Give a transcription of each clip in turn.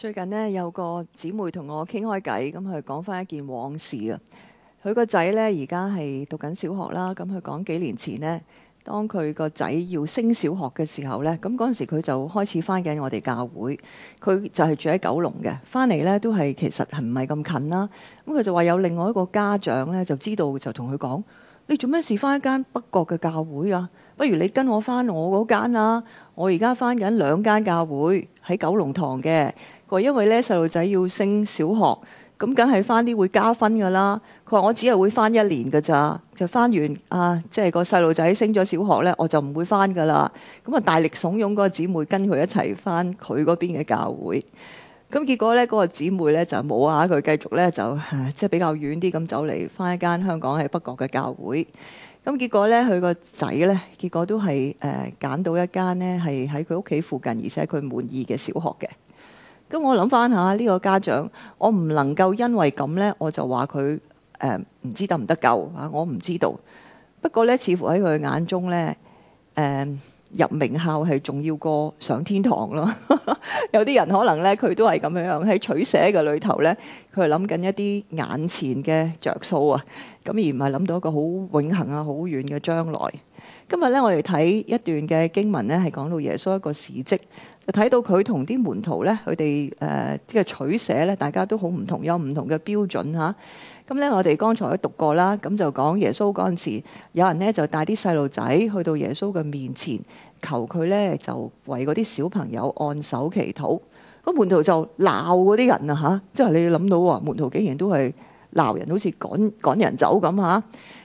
最近呢有個姊妹同我傾開偈，咁佢講返一件往事啊。佢個仔呢而家係讀緊小學啦，咁佢講幾年前呢，當佢個仔要升小學嘅時候呢，咁嗰陣時佢就開始返緊我哋教會。佢就係住喺九龍嘅，返嚟呢都係其實係唔係咁近啦。咁佢就話有另外一個家長呢，就知道就同佢講：你做咩事返一間北角嘅教會啊？不如你跟我返我嗰間啊！我而家返緊兩間教會喺九龍塘嘅。佢因為咧細路仔要升小學，咁梗係返啲會加分噶啦。佢話我只係會返一年噶咋，就返完啊，即係個細路仔升咗小學咧，我就唔會返噶啦。咁、嗯、啊，大力慫恿嗰個姊妹跟佢一齊返佢嗰邊嘅教會。咁、嗯、結果咧，嗰、嗰個姊妹咧就冇啊，佢繼續咧就、啊、即係比較遠啲咁走嚟返一間香港喺北角嘅教會。咁、嗯、結果咧，佢個仔咧結果都係誒揀到一間咧係喺佢屋企附近，而且佢滿意嘅小學嘅。咁我諗翻下呢個家長，我唔能夠因為咁呢，我就話佢誒唔知得唔得救啊？我唔知道。不過呢，似乎喺佢眼中呢，誒入名校係重要過上天堂咯。有啲人可能呢，佢都係咁樣樣喺取捨嘅裏頭呢，佢係諗緊一啲眼前嘅著數啊。咁而唔係諗到一個好永恆啊、好遠嘅將來。今日咧，我哋睇一段嘅經文咧，係講到耶穌一個事蹟，就睇到佢同啲門徒咧，佢哋誒即係取捨咧，大家都好唔同，有唔同嘅標準嚇。咁咧、嗯，我哋剛才都讀過啦，咁就講耶穌嗰陣時，有人咧就帶啲細路仔去到耶穌嘅面前，求佢咧就為嗰啲小朋友按手祈禱。個門徒就鬧嗰啲人啊嚇，即係你諗到喎，門徒竟然都係鬧人，好似趕趕人走咁嚇。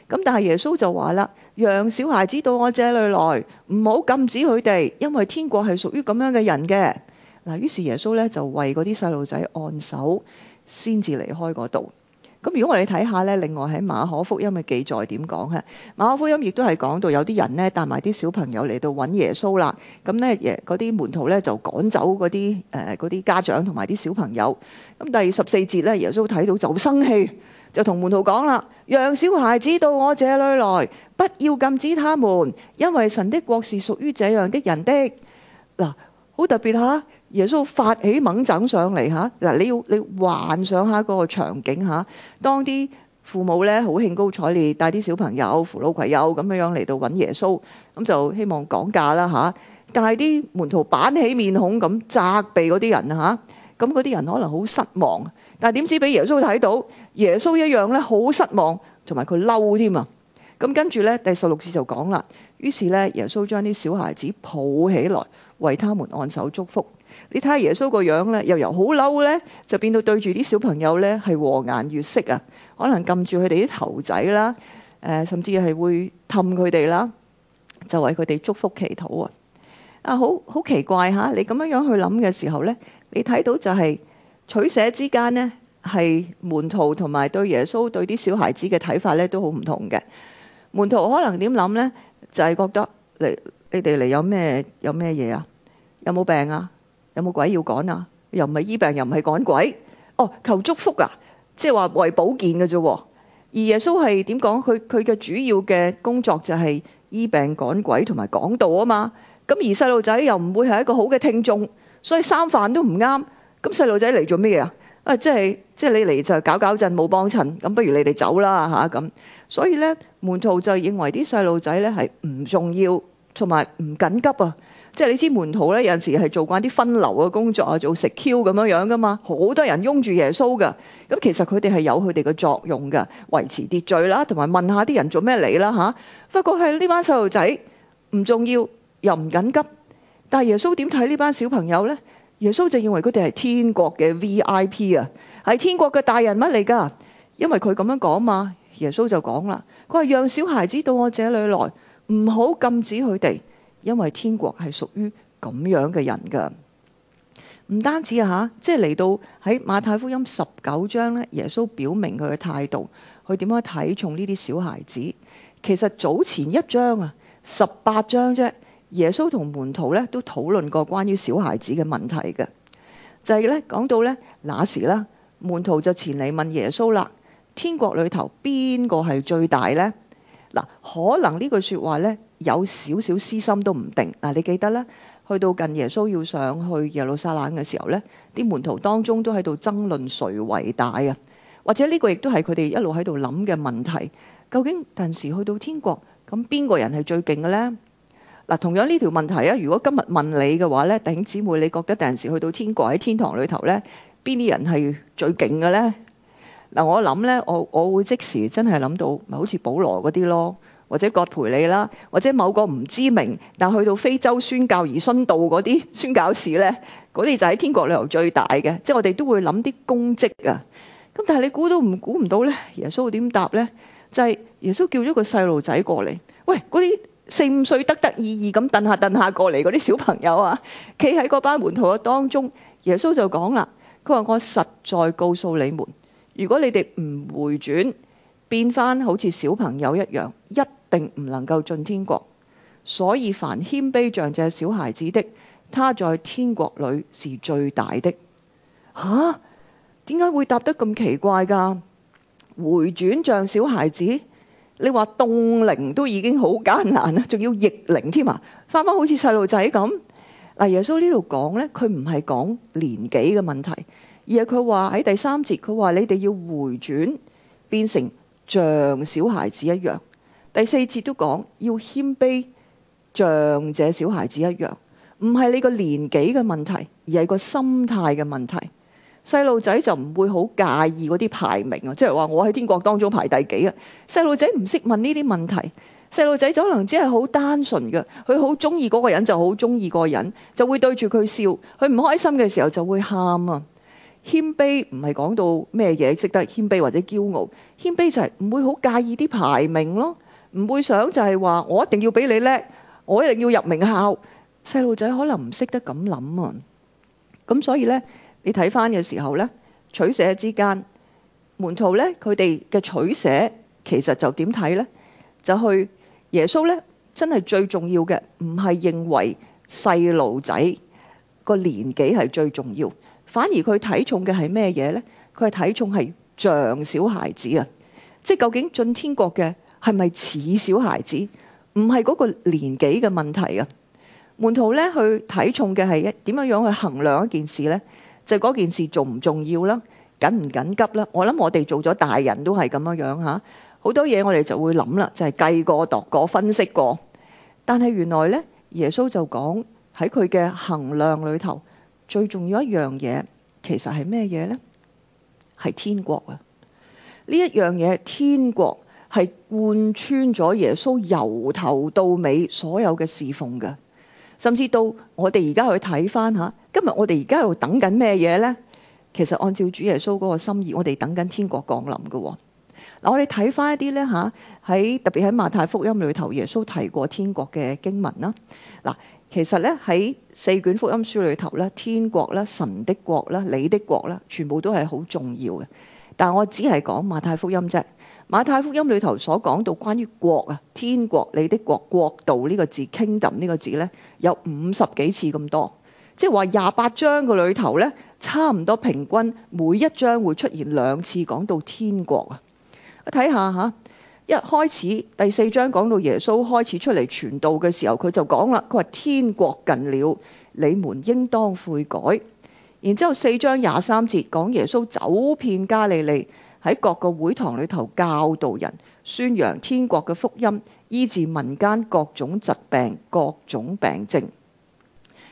咁但係耶穌就話啦。讓小孩子到我這裏來，唔好禁止佢哋，因為天國係屬於咁樣嘅人嘅。嗱，於是耶穌呢，就為嗰啲細路仔按手，先至離開嗰度。咁如果我哋睇下呢，另外喺馬可福音嘅記載點講咧？馬可福音亦都係講到有啲人呢，帶埋啲小朋友嚟到揾耶穌啦。咁呢，耶嗰啲門徒呢，就趕走嗰啲誒啲家長同埋啲小朋友。咁第十四節呢，耶穌睇到就生氣。就同門徒講啦，讓小孩子到我這裏來，不要禁止他們，因為神的國是屬於這樣的人的嗱。好、啊、特別吓、啊，耶穌發起猛憎上嚟吓嗱。你要你要幻想下嗰個場景吓、啊，當啲父母咧好興高采烈，帶啲小朋友扶老攜幼咁樣樣嚟到揾耶穌，咁就希望講價啦吓。但係啲門徒板起面孔咁責備嗰啲人啊吓，咁嗰啲人可能好失望，但係點知俾耶穌睇到。耶穌一樣咧，好失望，同埋佢嬲添啊！咁跟住呢，第十六節就講啦。於是呢，耶穌將啲小孩子抱起來，為他們按手祝福。你睇下，耶穌個樣呢，又由好嬲呢，就變到對住啲小朋友呢係和顏悅色啊！可能撳住佢哋啲頭仔啦，誒、呃，甚至係會氹佢哋啦，就為佢哋祝福祈禱啊！啊，好好奇怪吓，你咁樣樣去諗嘅時候呢，你睇到就係、是、取捨之間呢。係門徒同埋對耶穌對啲小孩子嘅睇法咧，都好唔同嘅。門徒可能點諗呢？就係覺得你，你哋嚟，有咩，有咩嘢啊？有冇病啊？有冇鬼要趕啊？又唔係醫病，又唔係趕鬼哦？求祝福啊！即係話為保健嘅啫。而耶穌係點講？佢，佢嘅主要嘅工作就係醫病趕鬼同埋講道啊嘛。咁而細路仔又唔會係一個好嘅聽眾，所以三飯都唔啱。咁細路仔嚟做咩啊？啊！即係即係你嚟就搞搞震冇幫襯，咁不如你哋走啦吓咁、啊啊。所以呢，門徒就認為啲細路仔呢係唔重要，同埋唔緊急啊！即係你知門徒呢，有陣時係做慣啲分流嘅工作啊，做食 Q 咁樣樣噶嘛，好、啊、多人擁住耶穌噶。咁、啊、其實佢哋係有佢哋嘅作用噶，維持秩序啦，同、啊、埋問下啲人做咩嚟啦吓，啊啊、不過係呢班細路仔唔重要又唔緊急，但係耶穌點睇呢班小朋友呢？耶穌就認為佢哋係天國嘅 VIP 啊，係天國嘅大人物嚟噶。因為佢咁樣講嘛，耶穌就講啦，佢話，讓小孩子到我這裏來，唔好禁止佢哋，因為天國係屬於咁樣嘅人噶。唔單止啊，吓，即係嚟到喺馬太福音十九章呢，耶穌表明佢嘅態度，佢點樣睇重呢啲小孩子。其實早前一章啊，十八章啫。耶穌同門徒咧都討論過關於小孩子嘅問題嘅，就係咧講到咧那時啦，門徒就前嚟問耶穌啦：天國裏頭邊個係最大呢？嗱，可能呢句說話咧有少少私心都唔定嗱，啊。你記得咧，去到近耶穌要上去耶路撒冷嘅時候咧，啲門徒當中都喺度爭論誰為大啊，或者呢個亦都係佢哋一路喺度諗嘅問題，究竟當時去到天國咁邊個人係最勁嘅咧？嗱，同樣呢條問題啊，如果今日問你嘅話呢，弟兄姊妹，你覺得第陣時去到天國喺天堂裏頭呢，邊啲人係最勁嘅呢？嗱，我諗呢，我我，我會即時真係諗到，咪好似保羅嗰啲咯，或者葛培理啦，或者某個唔知名，但去到非洲宣教而殉道嗰啲宣教士呢，嗰啲就喺天國裏頭最大嘅。即係我哋都會諗啲功績啊。咁但係你估都唔估唔到呢，到耶穌會點答呢？就係、是、耶穌叫咗個細路仔過嚟，喂嗰啲。四五歲得得意意咁掟下掟下過嚟嗰啲小朋友啊，企喺嗰班門徒嘅當中，耶穌就講啦，佢話我實在告訴你們，如果你哋唔回轉，變返好似小朋友一樣，一定唔能夠進天國。所以凡謙卑像這小孩子的，他在天國裏是最大的。吓、啊？點解會答得咁奇怪噶？回轉像小孩子？你話凍齡都已經好艱難啦，仲要逆齡添啊！翻翻好似細路仔咁。嗱，耶穌呢度講咧，佢唔係講年紀嘅問題，而係佢話喺第三節佢話你哋要回轉變成像小孩子一樣。第四節都講要謙卑，像這小孩子一樣。唔係你個年紀嘅問題，而係個心態嘅問題。細路仔就唔會好介意嗰啲排名啊，即係話我喺天國當中排第幾啊。細路仔唔識問呢啲問題，細路仔可能只係好單純嘅，佢好中意嗰個人就好中意個人，就會對住佢笑。佢唔開心嘅時候就會喊啊。謙卑唔係講到咩嘢識得謙卑或者驕傲，謙卑就係唔會好介意啲排名咯，唔會想就係話我一定要比你叻，我一定要入名校。細路仔可能唔識得咁諗啊，咁所以呢。你睇翻嘅時候咧，取捨之間，門徒咧佢哋嘅取捨其實就點睇咧？就去耶穌咧，真係最重要嘅唔係認為細路仔個年紀係最重要，反而佢睇重嘅係咩嘢咧？佢係睇重係像小孩子啊，即係究竟進天國嘅係咪似小孩子？唔係嗰個年紀嘅問題啊。門徒咧去睇重嘅係一點樣樣去衡量一件事咧。就嗰件事重唔重要啦，緊唔緊急啦？我諗我哋做咗大人都係咁樣樣吓，好多嘢我哋就會諗啦，就係、是、計過度、過分析過，但係原來咧，耶穌就講喺佢嘅衡量裏頭，最重要一樣嘢其實係咩嘢咧？係天國啊！呢一樣嘢，天國係貫穿咗耶穌由頭到尾所有嘅侍奉嘅。甚至到我哋而家去睇翻吓，今日我哋而家喺度等緊咩嘢咧？其實按照主耶穌嗰個心意，我哋等緊天國降臨噶嗱哦。我哋睇翻一啲咧吓，喺特別喺馬太福音裏頭，耶穌提過天國嘅經文啦嗱。其實咧喺四卷福音書裏頭咧，天國啦、神的國啦、你的國啦，全部都係好重要嘅。但我只係講馬太福音啫。馬太福音裏頭所講到關於國啊、天國、你的國、國度呢個字、Kingdom 呢個字呢，有五十幾次咁多，即係話廿八章個裏頭呢，差唔多平均每一章會出現兩次講到天國啊。我睇下吓，一開始第四章講到耶穌開始出嚟傳道嘅時候，佢就講啦，佢話，天國近了，你們應當悔改。然之後四章廿三節講耶穌走遍加利利。喺各個會堂裏頭教導人、宣揚天國嘅福音、醫治民間各種疾病、各種病症。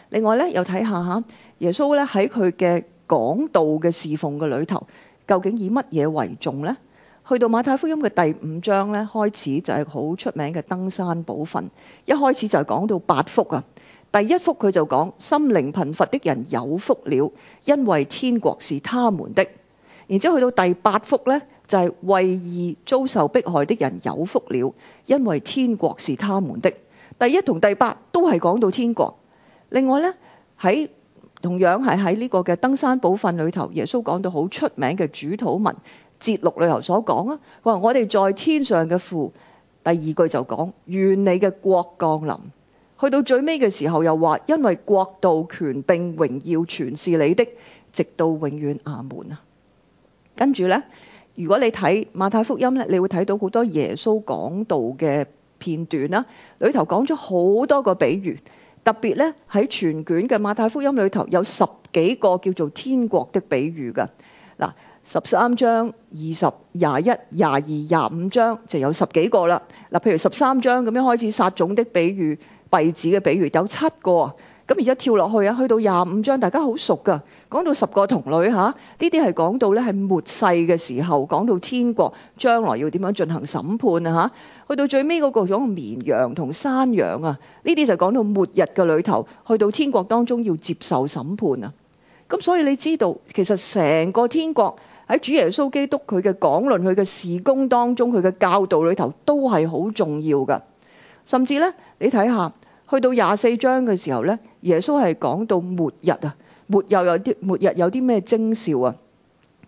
另外呢又睇下吓，耶穌呢喺佢嘅講道嘅侍奉嘅裏頭，究竟以乜嘢為重呢？去到馬太福音嘅第五章呢開始就係好出名嘅登山寶訓，一開始就講到八福啊。第一福佢就講：心靈貧乏的人有福了，因為天國是他們的。然之後去到第八福，呢就係為義遭受迫害的人有福了，因為天國是他們的。第一同第八都係講到天國。另外呢，喺同樣係喺呢個嘅登山寶訓裏頭，耶穌講到好出名嘅主禱文節錄裏頭所講啊。話，我哋在天上嘅父，第二句就講願你嘅國降臨。去到最尾嘅時候又話，因為國度、權並榮耀全是你的，直到永遠阿們啊！跟住呢，如果你睇馬太福音呢，你會睇到好多耶穌講道嘅片段啦。裏頭講咗好多個比喻，特別呢，喺全卷嘅馬太福音裏頭有十幾個叫做天國的比喻嘅。嗱，十三章、二十、廿一、廿二、廿五章就有十幾個啦。嗱，譬如十三章咁樣開始撒種的比喻、稗子嘅比喻，有七個。咁而家跳落去啊，去到廿五章，大家好熟噶。講到十個童女吓，呢啲係講到咧，係末世嘅時候，講到天國將來要點樣進行審判啊吓。去到最尾嗰個講綿羊同山羊啊，呢啲就講到末日嘅裏頭，去到天國當中要接受審判啊。咁所以你知道，其實成個天國喺主耶穌基督佢嘅講論、佢嘅事工當中、佢嘅教導裏頭都係好重要噶。甚至咧，你睇下去到廿四章嘅時候咧。耶穌係講到末日啊，末又有啲末日有啲咩徵兆啊？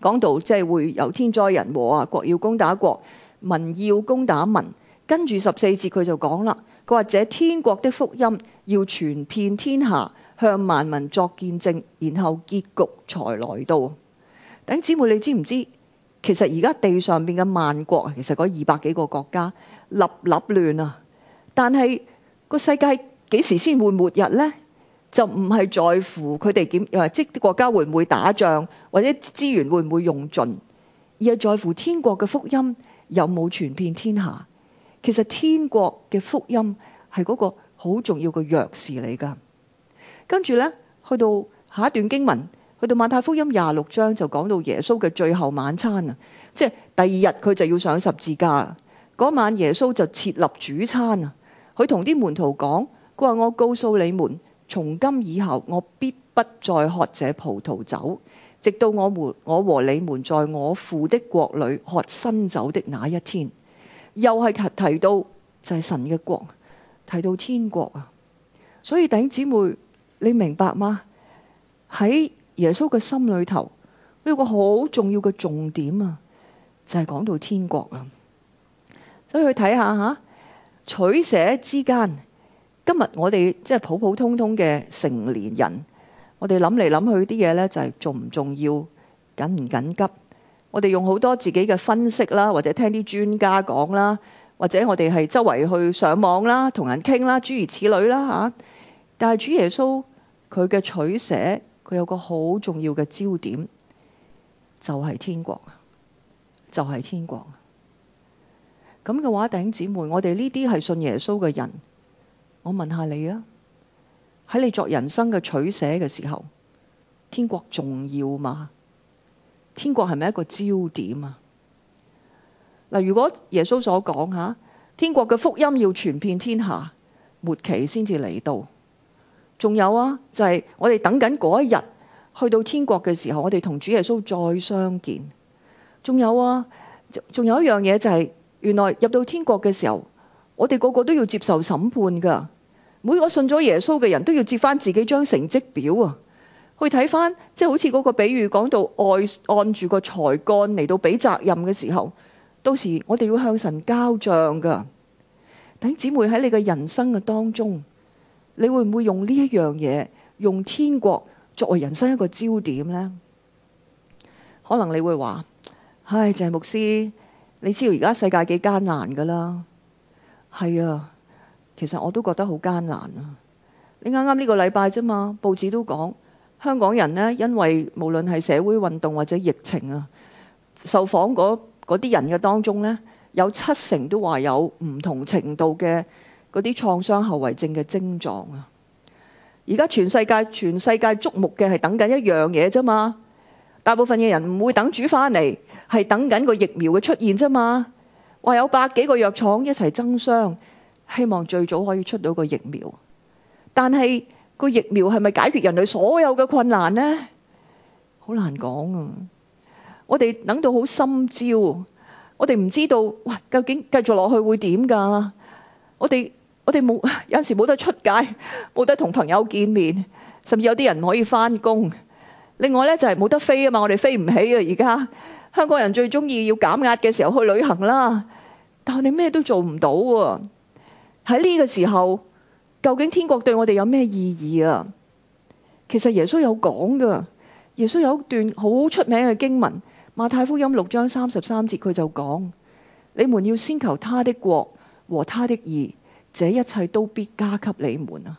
講到即係會有天災人禍啊，國要攻打國，民要攻打民。跟住十四節佢就講啦，佢話：這，天國的福音要傳遍天下，向萬民作見證，然後結局才來到。等姊妹，你知唔知其實而家地上面嘅萬國，其實嗰二百幾個國家立立亂啊，但係個世界幾時先會末日呢？就唔係在乎佢哋點，即係國家會唔會打仗，或者資源會唔會用盡，而係在乎天國嘅福音有冇傳遍天下。其實天國嘅福音係嗰個好重要嘅鑰匙嚟噶。跟住呢，去到下一段經文，去到《馬太福音》廿六章就講到耶穌嘅最後晚餐啊，即係第二日佢就要上十字架啦。嗰晚耶穌就設立主餐啊，佢同啲門徒講，佢話，我告訴你們。從今以後，我必不再喝這葡萄酒，直到我們我和你們在我父的國裏喝新酒的那一天。又係提提到就係、是、神嘅國，提到天國啊。所以頂姊妹，你明白嗎？喺耶穌嘅心裏頭，有個好重要嘅重點啊，就係、是、講到天國啊。所以去睇下吓，取捨之間。今日我哋即係普普通通嘅成年人，我哋諗嚟諗去啲嘢咧，就係重唔重要、緊唔緊急。我哋用好多自己嘅分析啦，或者聽啲專家講啦，或者我哋係周圍去上網啦，同人傾啦，諸如此類啦吓啊。但係主耶穌佢嘅取捨，佢有個好重要嘅焦點就係天國，就係天國。咁嘅話，弟兄姊妹，我哋呢啲係信耶穌嘅人。我問下你啊，喺你作人生嘅取捨嘅時候，天國重要嘛？天國係咪一個焦點啊？嗱，如果耶穌所講吓，天國嘅福音要傳遍天下末期先至嚟到，仲有啊，就係我哋等緊嗰一日去到天國嘅時候，我哋同主耶穌再相見。仲有啊，仲有一樣嘢就係原來入到天國嘅時候。我哋個個都要接受審判噶。每個信咗耶穌嘅人都要接翻自己張成績表啊，去睇翻，即係好似嗰個比喻講到，愛按按住個才幹嚟到俾責任嘅時候，到時我哋要向神交賬噶。等姊妹喺你嘅人生嘅當中，你會唔會用呢一樣嘢，用天國作為人生一個焦點呢？可能你會話：，唉，鄭牧師，你知道而家世界幾艱難噶啦。係啊，其實我都覺得好艱難啊！你啱啱呢個禮拜啫嘛，報紙都講香港人呢，因為無論係社會運動或者疫情啊，受訪嗰啲人嘅當中呢，有七成都話有唔同程度嘅嗰啲創傷後遺症嘅症狀啊！而家全世界全世界矚目嘅係等緊一樣嘢啫嘛，大部分嘅人唔會等煮返嚟，係等緊個疫苗嘅出現啫嘛。話有百幾個藥廠一齊爭相，希望最早可以出到個疫苗。但係個疫苗係咪解決人類所有嘅困難呢？好難講啊！我哋等到好心焦，我哋唔知道，喂，究竟繼續落去會點噶？我哋我哋冇有陣時冇得出街，冇得同朋友見面，甚至有啲人唔可以翻工。另外呢，就係冇得飛啊嘛，我哋飛唔起啊而家。香港人最鍾意要減壓嘅時候去旅行啦，但係你咩都做唔到喎。喺呢個時候，究竟天國對我哋有咩意義啊？其實耶穌有講噶，耶穌有一段好出名嘅經文，《馬太福音》六章三十三節，佢就講：你們要先求他的國和他的義，這一切都必加給你們啊！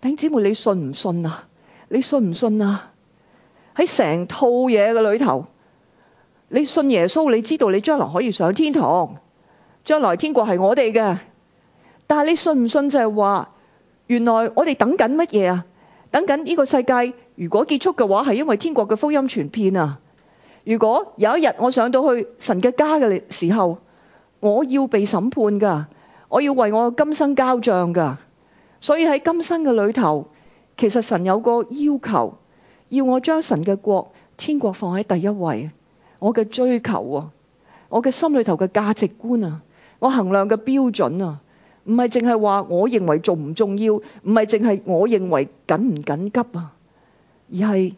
弟兄姊妹，你信唔信啊？你信唔信啊？喺成套嘢嘅裏頭。你信耶穌，你知道你將來可以上天堂。將來天國係我哋嘅，但係你信唔信就係話，原來我哋等緊乜嘢啊？等緊呢個世界如果結束嘅話，係因為天國嘅福音傳遍啊。如果有一日我上到去神嘅家嘅時候，我要被審判㗎，我要為我今生交賬㗎。所以喺今生嘅裏頭，其實神有個要求，要我將神嘅國、天國放喺第一位。我嘅追求啊，我嘅心裏頭嘅價值觀啊，我衡量嘅標準啊，唔係淨係話我認為重唔重要，唔係淨係我認為緊唔緊急啊，而係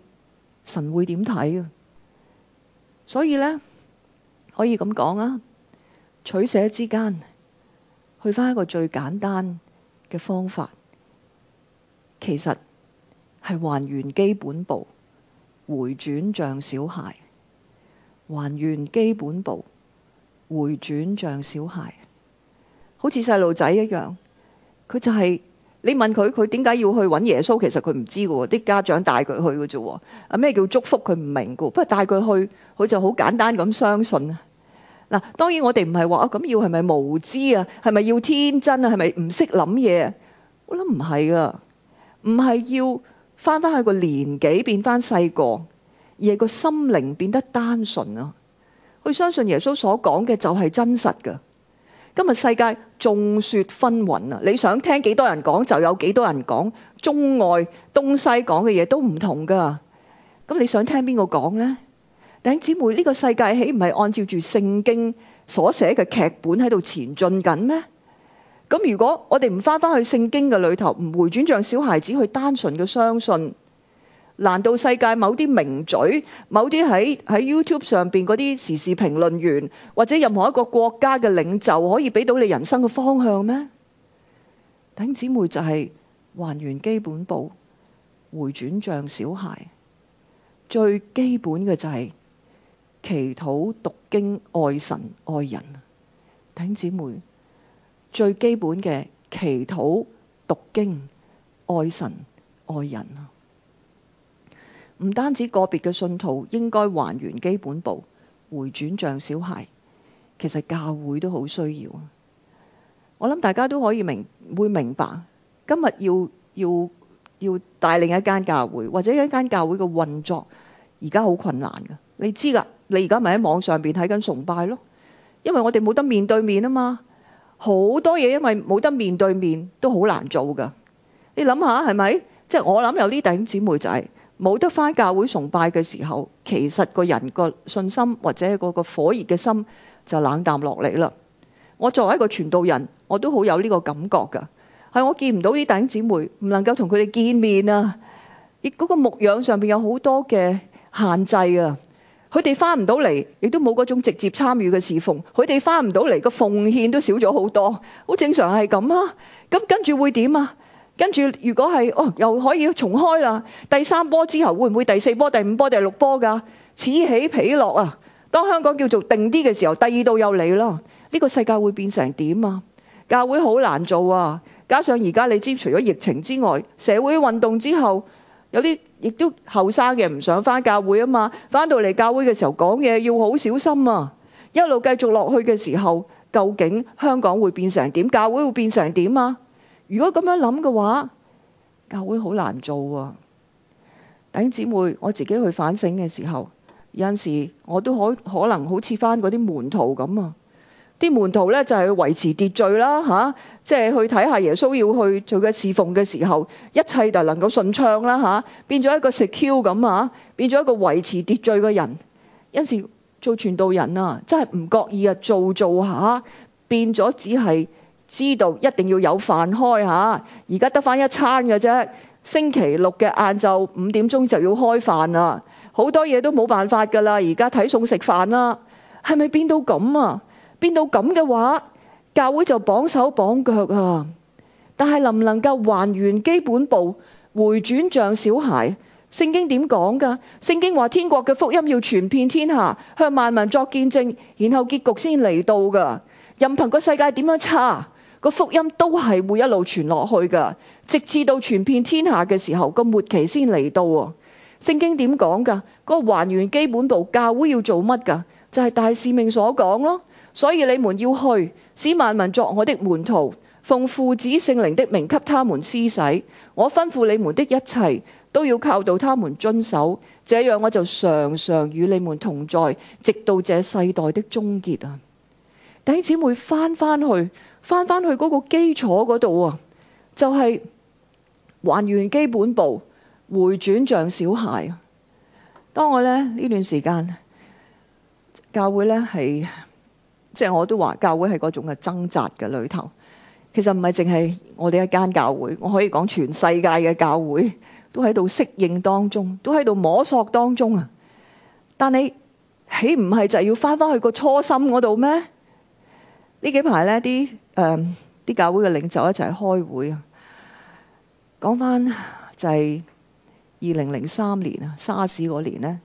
神會點睇啊。所以咧，可以咁講啊，取捨之間去翻一個最簡單嘅方法，其實係還原基本步，回轉像小孩。還原基本步，回轉像小孩，好似細路仔一樣。佢就係、是、你問佢，佢點解要去揾耶穌？其實佢唔知噶，啲家長帶佢去噶啫。啊咩叫祝福？佢唔明噶，不過帶佢去，佢就好簡單咁相信啊。嗱，當然我哋唔係話啊咁要係咪無知啊？係咪要天真啊？係咪唔識諗嘢？我諗唔係噶，唔係要翻翻去個年紀變翻細個。而個心靈變得單純啊，佢相信耶穌所講嘅就係真實噶。今日世界眾說紛紜啊，你想聽幾多人講就有幾多人講，中外東西講嘅嘢都唔同噶。咁你想聽邊個講呢？弟兄姊妹，呢個世界豈唔係按照住聖經所寫嘅劇本喺度前進緊咩？咁如果我哋唔翻返去聖經嘅裏頭，唔回轉像小孩子去單純嘅相信，難道世界某啲名嘴、某啲喺喺 YouTube 上邊嗰啲時事評論員，或者任何一個國家嘅領袖，可以畀到你人生嘅方向咩？弟兄姊妹，就係還原基本步，回轉像小孩。最基本嘅就係祈禱、讀經、愛神、愛人。弟兄姊妹，最基本嘅祈禱、讀經、愛神、愛人啊！唔單止個別嘅信徒應該還原基本步，回轉像小孩，其實教會都好需要啊！我諗大家都可以明會明白，今日要要要帶另一間教會，或者一間教會嘅運作而家好困難㗎。你知噶？你而家咪喺網上邊睇緊崇拜咯，因為我哋冇得面對面啊嘛，好多嘢因為冇得面對面都好難做噶。你諗下係咪？即係我諗有呢頂姊妹仔、就係。冇得返教會崇拜嘅時候，其實個人個信心或者嗰個火熱嘅心就冷淡落嚟啦。我作為一個傳道人，我都好有呢個感覺㗎，係我見唔到啲弟兄姊妹，唔能夠同佢哋見面啊，亦嗰個牧養上面有好多嘅限制啊，佢哋返唔到嚟，亦都冇嗰種直接參與嘅侍奉，佢哋返唔到嚟，個奉獻都少咗好多，好正常係咁啊，咁跟住會點啊？跟住，如果係哦，又可以重開啦。第三波之後，會唔會第四波、第五波、第六波㗎？此起彼落啊！當香港叫做定啲嘅時候，第二度又嚟啦。呢個世界會變成點啊？教會好難做啊！加上而家你知，除咗疫情之外，社會運動之後，有啲亦都後生嘅唔想返教會啊嘛。返到嚟教會嘅時候講嘢要好小心啊！一路繼續落去嘅時候，究竟香港會變成點？教會會變成點啊？如果咁樣諗嘅話，教會好難做啊！弟兄姊妹，我自己去反省嘅時候，有陣時我都可可能好似翻嗰啲門徒咁啊！啲門徒呢，就係、是、去維持秩序啦、啊，吓、啊，即、就、係、是、去睇下耶穌要去做嘅侍奉嘅時候，一切就能夠順暢啦、啊，吓，變咗一個食 Q 咁啊，變咗一個維、啊啊、持秩序嘅人、啊、人。有陣時做傳道人啊，真係唔覺意啊，做做，做下變咗只係。知道一定要有飯開嚇，而家得翻一餐㗎啫。星期六嘅晏晝五點鐘就要開飯啦。好多嘢都冇辦法㗎啦。而家睇餸食飯啦，係咪變到咁啊？變到咁嘅話，教會就綁手綁腳啊。但係能唔能夠還原基本步，回轉像小孩？聖經點講㗎？聖經話天國嘅福音要傳遍天下，向萬民作見證，然後結局先嚟到㗎。任憑個世界點樣差。個福音都係會一路傳落去噶，直至到傳遍天下嘅時候，個末期先嚟到。聖經點講噶？個還原基本步教會要做乜噶？就係大使命所講咯。所以你們要去，使萬民作我的門徒，奉父子聖靈的名給他們施洗。我吩咐你們的一切，都要靠到他們遵守，這樣我就常常與你們同在，直到這世代的終結啊！弟兄姊妹翻翻去。翻翻去嗰個基礎嗰度啊，就係、是、還原基本步，回轉像小孩。當我呢呢段時間，教會呢係，即係我都話教會係嗰種嘅掙扎嘅裏頭。其實唔係淨係我哋一間教會，我可以講全世界嘅教會都喺度適應當中，都喺度摸索當中啊。但你豈唔係就係要翻翻去個初心嗰度咩？呢幾排呢啲誒啲教會嘅領袖一齊開會，講翻就係二零零三年啊，沙士嗰年呢，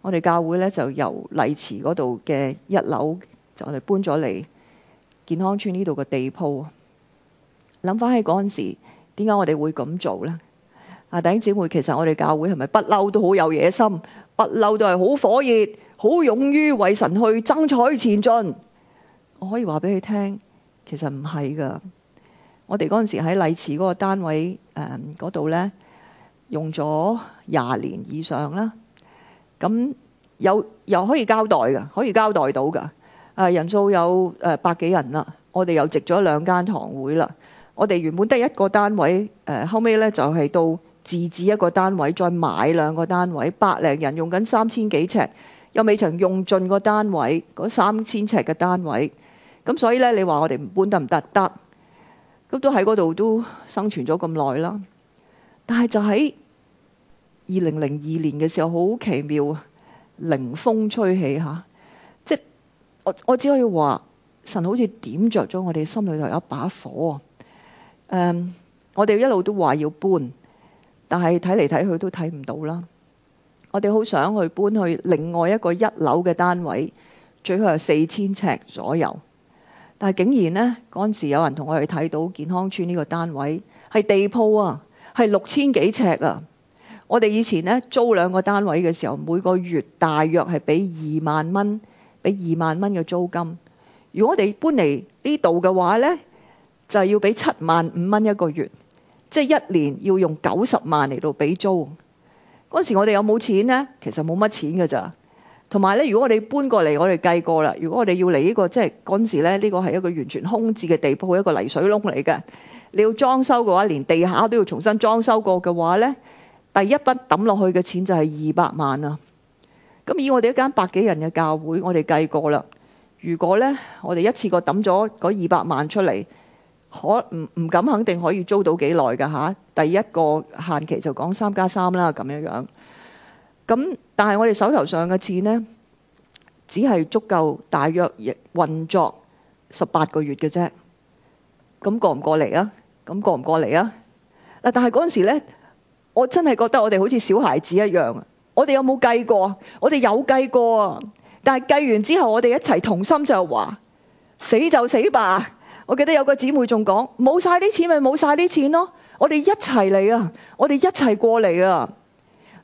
我哋教會咧就由麗池嗰度嘅一樓就我哋搬咗嚟健康村呢度嘅地鋪。諗翻起嗰陣時，點解我哋會咁做呢？啊，弟兄姐妹，其實我哋教會係咪不嬲都好有野心，不嬲都係好火熱，好勇於為神去爭取前進。我可以話俾你聽，其實唔係噶。我哋嗰陣時喺麗池嗰個單位誒嗰度呢，用咗廿年以上啦。咁有又可以交代噶，可以交代到噶。誒、啊、人數有誒百幾人啦。我哋又植咗兩間堂會啦。我哋原本得一個單位誒、呃，後尾呢就係、是、到自治一個單位，再買兩個單位，百零人用緊三千幾尺，又未曾用盡個單位，嗰三千尺嘅單位。咁所以咧，你話我哋唔搬得唔得？得，咁都喺嗰度都生存咗咁耐啦。但係就喺二零零二年嘅時候，好奇妙，靈風吹起嚇、啊，即我我只可以話，神好似點着咗我哋心裏頭有一把火。誒、嗯，我哋一路都話要搬，但係睇嚟睇去都睇唔到啦。我哋好想去搬去另外一個一樓嘅單位，最好係四千尺左右。但係竟然呢，嗰陣時有人同我哋睇到健康村呢個單位係地鋪啊，係六千幾尺啊！我哋以前呢，租兩個單位嘅時候，每個月大約係畀二萬蚊，俾二萬蚊嘅租金。如果我哋搬嚟呢度嘅話呢，就係要畀七萬五蚊一個月，即係一年要用九十萬嚟到俾租。嗰陣時我哋有冇錢呢，其實冇乜錢㗎咋。同埋咧，如果我哋搬過嚟，我哋計過啦。如果我哋要嚟呢，這個，即係嗰陣時咧，呢，這個係一個完全空置嘅地鋪，一個泥水窿嚟嘅。你要裝修嘅話，連地下都要重新裝修過嘅話咧，第一筆抌落去嘅錢就係二百萬啊！咁，嗯、以我哋一間百幾人嘅教會，我哋計過啦。如果咧，我哋一次過抌咗嗰二百萬出嚟，可唔唔敢肯定可以租到幾耐㗎吓？第一個限期就講三加三啦，咁樣樣。咁但係我哋手頭上嘅錢呢，只係足夠大約運作十八個月嘅啫。咁過唔過嚟啊？咁過唔過嚟啊？嗱，但係嗰陣時呢，我真係覺得我哋好似小孩子一樣啊！我哋有冇計過？我哋有計過啊！但係計完之後，我哋一齊同心就話：死就死吧！我記得有個姊妹仲講：冇晒啲錢咪冇晒啲錢咯！我哋一齊嚟啊！我哋一齊過嚟啊！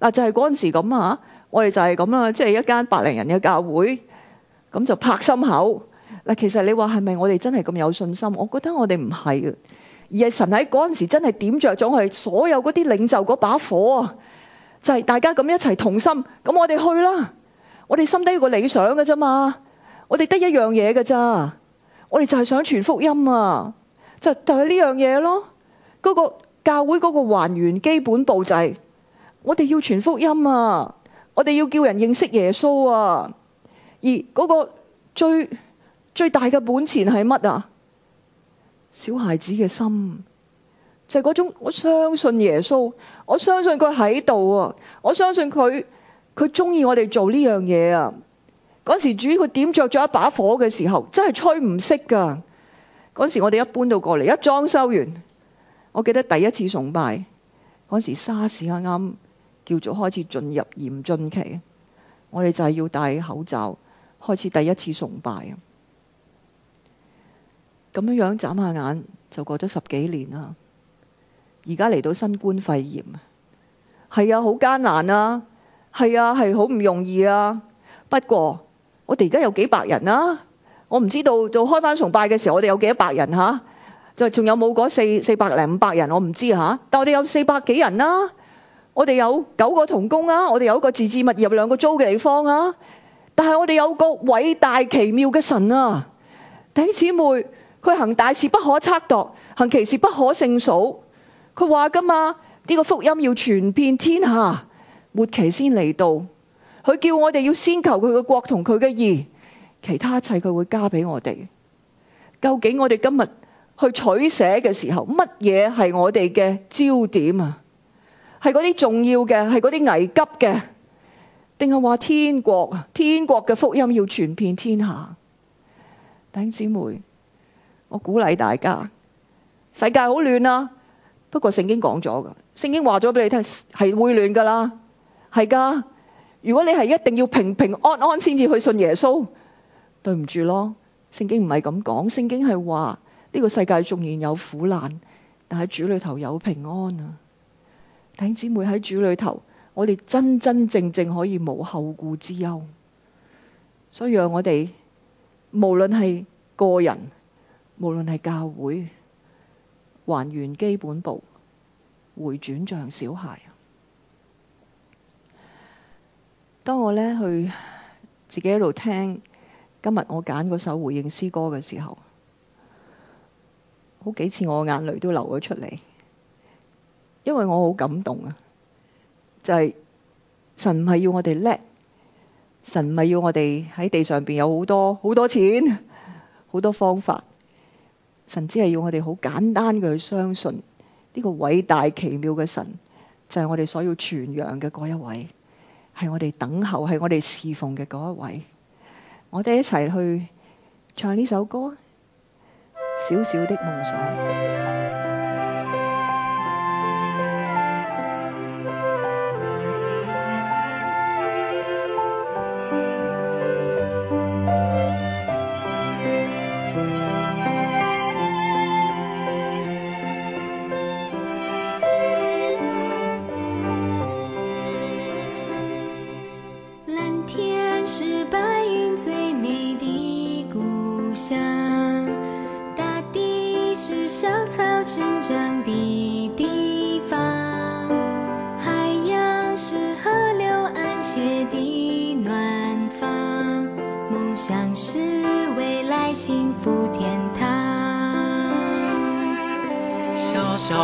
啊！就係嗰陣時咁啊，我哋就係咁啦，即係一間百零人嘅教會，咁就拍心口嗱。其實你話係咪我哋真係咁有信心？我覺得我哋唔係嘅，而係神喺嗰陣時真係點着咗我哋所有嗰啲領袖嗰把火啊，就係、是、大家咁一齊同心咁，我哋去啦。我哋心底有個理想嘅啫嘛，我哋得一樣嘢嘅咋，我哋就係想傳福音啊，就就係呢樣嘢咯。嗰、那個教會嗰個還原基本步。我哋要傳福音啊！我哋要叫人認識耶穌啊！而嗰個最最大嘅本錢係乜啊？小孩子嘅心，就係、是、嗰種我相信耶穌，我相信佢喺度啊！我相信佢佢中意我哋做呢樣嘢啊！嗰時主佢點着咗一把火嘅時候，真係吹唔熄噶！嗰時我哋一搬到過嚟，一裝修完，我記得第一次崇拜嗰時沙士啱啱。叫做開始進入嚴峻期，我哋就係要戴口罩，開始第一次崇拜。咁樣眨下眼就過咗十幾年啦。而家嚟到新冠肺炎，係啊，好艱難啊，係啊，係好唔容易啊。不過我哋而家有幾百人啊？我唔知道就開翻崇拜嘅時候，我哋有幾多百人吓、啊？就仲有冇嗰四四百零五百人？我唔知吓、啊，但我哋有四百幾人啦、啊。我哋有九個同工啊，我哋有一個自置物業、兩個租嘅地方啊，但係我哋有個偉大奇妙嘅神啊，弟兄姊妹，佢行大事不可測度，行奇事不可勝數。佢話㗎嘛，呢個福音要傳遍天下，末期先嚟到。佢叫我哋要先求佢嘅國同佢嘅義，其他一切佢會加俾我哋。究竟我哋今日去取捨嘅時候，乜嘢係我哋嘅焦點啊？係嗰啲重要嘅，係嗰啲危急嘅，定係話天國，天國嘅福音要傳遍天下？弟兄姊妹，我鼓勵大家，世界好亂啊。不過聖經講咗噶，聖經話咗俾你聽，係會亂噶啦，係噶。如果你係一定要平平安安先至去信耶穌，對唔住咯。聖經唔係咁講，聖經係話呢個世界縱然有苦難，但係主裏頭有平安啊。弟兄姊妹喺主裏頭，我哋真真正正可以無後顧之憂。所以啊，我哋無論係個人，無論係教會，還原基本步，回轉像小孩。當我咧去自己喺度聽今日我揀嗰首回應詩歌嘅時候，好幾次我嘅眼淚都流咗出嚟。因為我好感動啊！就係神唔係要我哋叻，神唔係要我哋喺地上邊有好多好多錢，好多方法。神只係要我哋好簡單嘅去相信呢個偉大奇妙嘅神，就係我哋所要傳揚嘅嗰一位，係我哋等候，係我哋侍奉嘅嗰一位。我哋一齊去唱呢首歌，《小小的夢想》。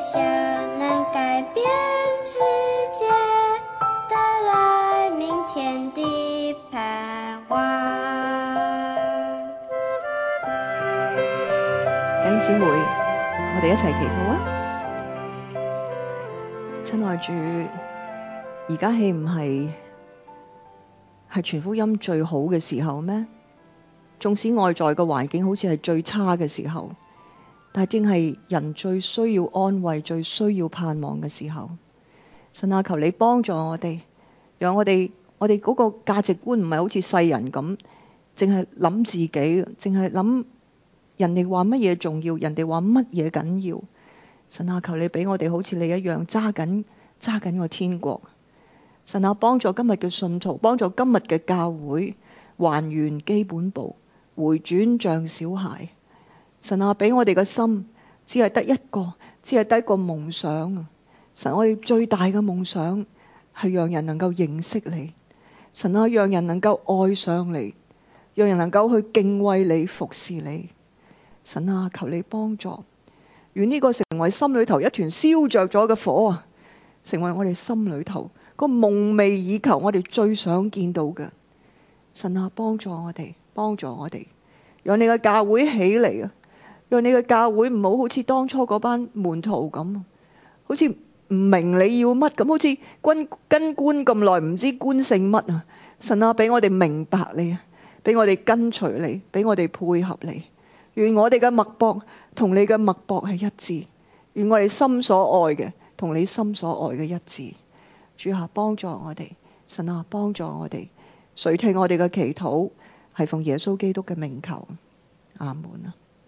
想能改變世界，帶來明天的盼望。弟兄姊妹，我哋一齊祈禱啊！親愛主，而家係唔係係全福音最好嘅時候咩？縱使外在嘅環境好似係最差嘅時候。但正係人最需要安慰、最需要盼望嘅時候，神啊，求你幫助我哋，讓我哋我哋嗰個價值觀唔係好似世人咁，淨係諗自己，淨係諗人哋話乜嘢重要，人哋話乜嘢緊要。神啊，求你俾我哋好似你一樣，揸緊揸緊個天國。神啊，幫助今日嘅信徒，幫助今日嘅教會，還原基本步，回轉像小孩。神啊，俾我哋嘅心只係得一個，只係得一個夢想。神，我哋最大嘅夢想係讓人能夠認識你，神啊，讓人能夠愛上你，讓人能夠去敬畏你、服侍你。神啊，求你幫助，願呢個成為心裏頭一團燒着咗嘅火啊，成為我哋心裏頭個夢寐以求，我哋最想見到嘅。神啊，幫助我哋，幫助我哋，讓你嘅教會起嚟啊！讓你嘅教會唔好好似當初嗰班門徒咁，好似唔明你要乜咁，好似跟跟官咁耐，唔知官姓乜啊。神啊，俾我哋明白你啊，俾我哋跟隨你，俾我哋配合你。願我哋嘅脈搏同你嘅脈搏係一致，願我哋心所愛嘅同你心所愛嘅一致。主啊，幫助我哋，神啊，幫助我哋。垂聽我哋嘅祈禱係奉耶穌基督嘅名求。阿門啊！